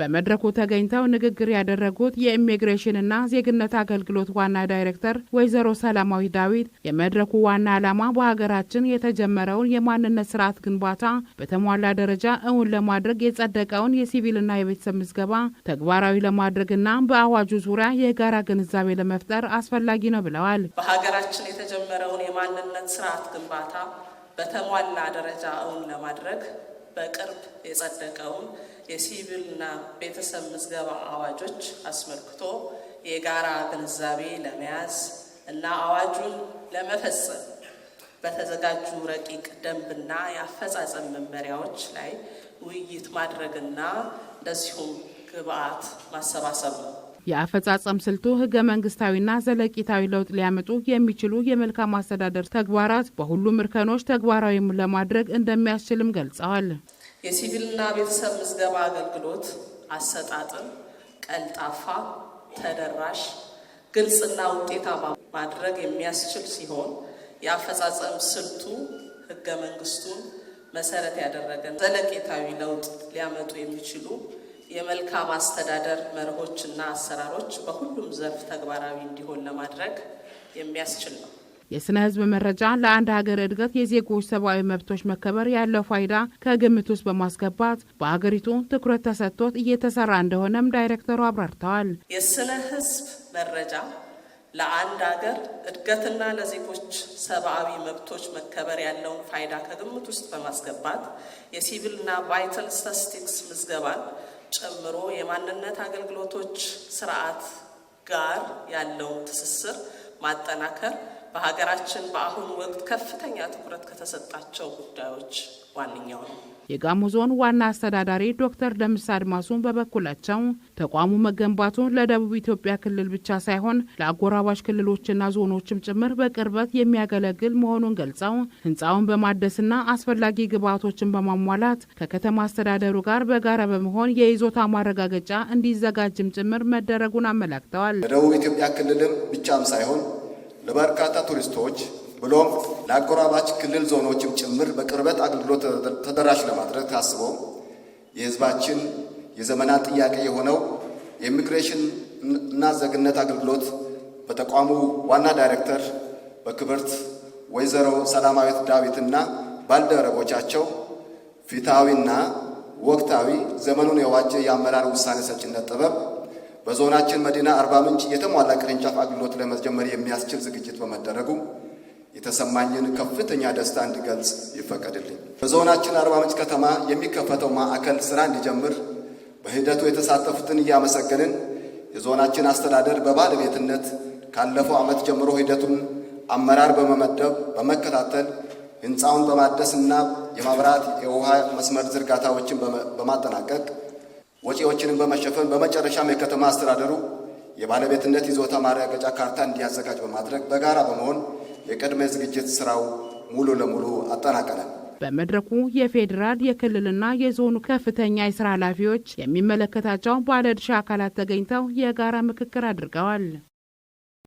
በመድረኩ ተገኝተው ንግግር ያደረጉት የኢሚግሬሽንና ዜግነት አገልግሎት ዋና ዳይሬክተር ወይዘሮ ሰላማዊ ዳዊት የመድረኩ ዋና ዓላማ በሀገራችን የተጀመረውን የማንነት ስርዓት ግንባታ በተሟላ ደረጃ እውን ለማድረግ የጸደቀውን የሲቪልና የቤተሰብ ምዝገባ ተግባራዊ ለማድረግና በአዋጁ ዙሪያ የጋራ ግንዛቤ ለመፍጠር አስፈላጊ ነው ብለዋል። በሀገራችን የተጀመረውን የማንነት ስርዓት ግንባታ በተሟላ ደረጃ እውን ለማድረግ በቅርብ የጸደቀውን የሲቪልና ቤተሰብ ምዝገባ አዋጆች አስመልክቶ የጋራ ግንዛቤ ለመያዝ እና አዋጁን ለመፈጸም በተዘጋጁ ረቂቅ ደንብና የአፈጻጸም መመሪያዎች ላይ ውይይት ማድረግና እንደዚሁም ግብአት ማሰባሰብ ነው። የአፈጻጸም ስልቱ ህገ መንግስታዊና ዘለቂታዊ ለውጥ ሊያመጡ የሚችሉ የመልካም አስተዳደር ተግባራት በሁሉም እርከኖች ተግባራዊ ለማድረግ እንደሚያስችልም ገልጸዋል። የሲቪልና ቤተሰብ ምዝገባ አገልግሎት አሰጣጥን ቀልጣፋ፣ ተደራሽ፣ ግልጽና ውጤታማ ማድረግ የሚያስችል ሲሆን የአፈጻጸም ስልቱ ህገ መንግስቱን መሰረት ያደረገ ዘለቄታዊ ለውጥ ሊያመጡ የሚችሉ የመልካም አስተዳደር መርሆች እና አሰራሮች በሁሉም ዘርፍ ተግባራዊ እንዲሆን ለማድረግ የሚያስችል ነው። የስነ ህዝብ መረጃ ለአንድ ሀገር እድገት የዜጎች ሰብአዊ መብቶች መከበር ያለው ፋይዳ ከግምት ውስጥ በማስገባት በሀገሪቱ ትኩረት ተሰጥቶት እየተሰራ እንደሆነም ዳይሬክተሩ አብራርተዋል። የስነ ህዝብ መረጃ ለአንድ ሀገር እድገትና ለዜጎች ሰብአዊ መብቶች መከበር ያለውን ፋይዳ ከግምት ውስጥ በማስገባት የሲቪልና ቫይታል ስታቲስቲክስ ምዝገባን ጨምሮ የማንነት አገልግሎቶች ስርዓት ጋር ያለውን ትስስር ማጠናከር በሀገራችን በአሁኑ ወቅት ከፍተኛ ትኩረት ከተሰጣቸው ጉዳዮች ዋነኛው ነው። የጋሞ ዞን ዋና አስተዳዳሪ ዶክተር ደምስ አድማሱን በበኩላቸው ተቋሙ መገንባቱን ለደቡብ ኢትዮጵያ ክልል ብቻ ሳይሆን ለአጎራባሽ ክልሎችና ዞኖችም ጭምር በቅርበት የሚያገለግል መሆኑን ገልጸው ህንፃውን በማደስና አስፈላጊ ግብዓቶችን በማሟላት ከከተማ አስተዳደሩ ጋር በጋራ በመሆን የይዞታ ማረጋገጫ እንዲዘጋጅም ጭምር መደረጉን አመላክተዋል። ለደቡብ ኢትዮጵያ ክልልም ብቻም ሳይሆን ለበርካታ ቱሪስቶች ብሎም ለአጎራባች ክልል ዞኖችም ጭምር በቅርበት አገልግሎት ተደራሽ ለማድረግ ታስቦ የሕዝባችን የዘመናት ጥያቄ የሆነው የኢሚግሬሽን እና ዜግነት አገልግሎት በተቋሙ ዋና ዳይሬክተር በክብርት ወይዘሮ ሰላማዊት ዳዊትና ባልደረቦቻቸው ፊታዊና ወቅታዊ ዘመኑን የዋጀ የአመራር ውሳኔ ሰጭነት ጥበብ በዞናችን መዲና አርባ ምንጭ የተሟላ ቅርንጫፍ አገልግሎት ለመጀመር የሚያስችል ዝግጅት በመደረጉ የተሰማኝን ከፍተኛ ደስታ እንዲገልጽ ይፈቀድልኝ። በዞናችን አርባ ምንጭ ከተማ የሚከፈተው ማዕከል ስራ እንዲጀምር በሂደቱ የተሳተፉትን እያመሰገንን የዞናችን አስተዳደር በባለቤትነት ካለፈው ዓመት ጀምሮ ሂደቱን አመራር በመመደብ በመከታተል ህንፃውን በማደስ እና የመብራት የውሃ መስመር ዝርጋታዎችን በማጠናቀቅ ወጪዎችንም በመሸፈን በመጨረሻም የከተማ አስተዳደሩ የባለቤትነት ይዞታ ማረጋገጫ ካርታ እንዲያዘጋጅ በማድረግ በጋራ በመሆን የቅድመ ዝግጅት ስራው ሙሉ ለሙሉ አጠናቀናል። በመድረኩ የፌዴራል የክልልና የዞኑ ከፍተኛ የስራ ኃላፊዎች፣ የሚመለከታቸው ባለድርሻ አካላት ተገኝተው የጋራ ምክክር አድርገዋል።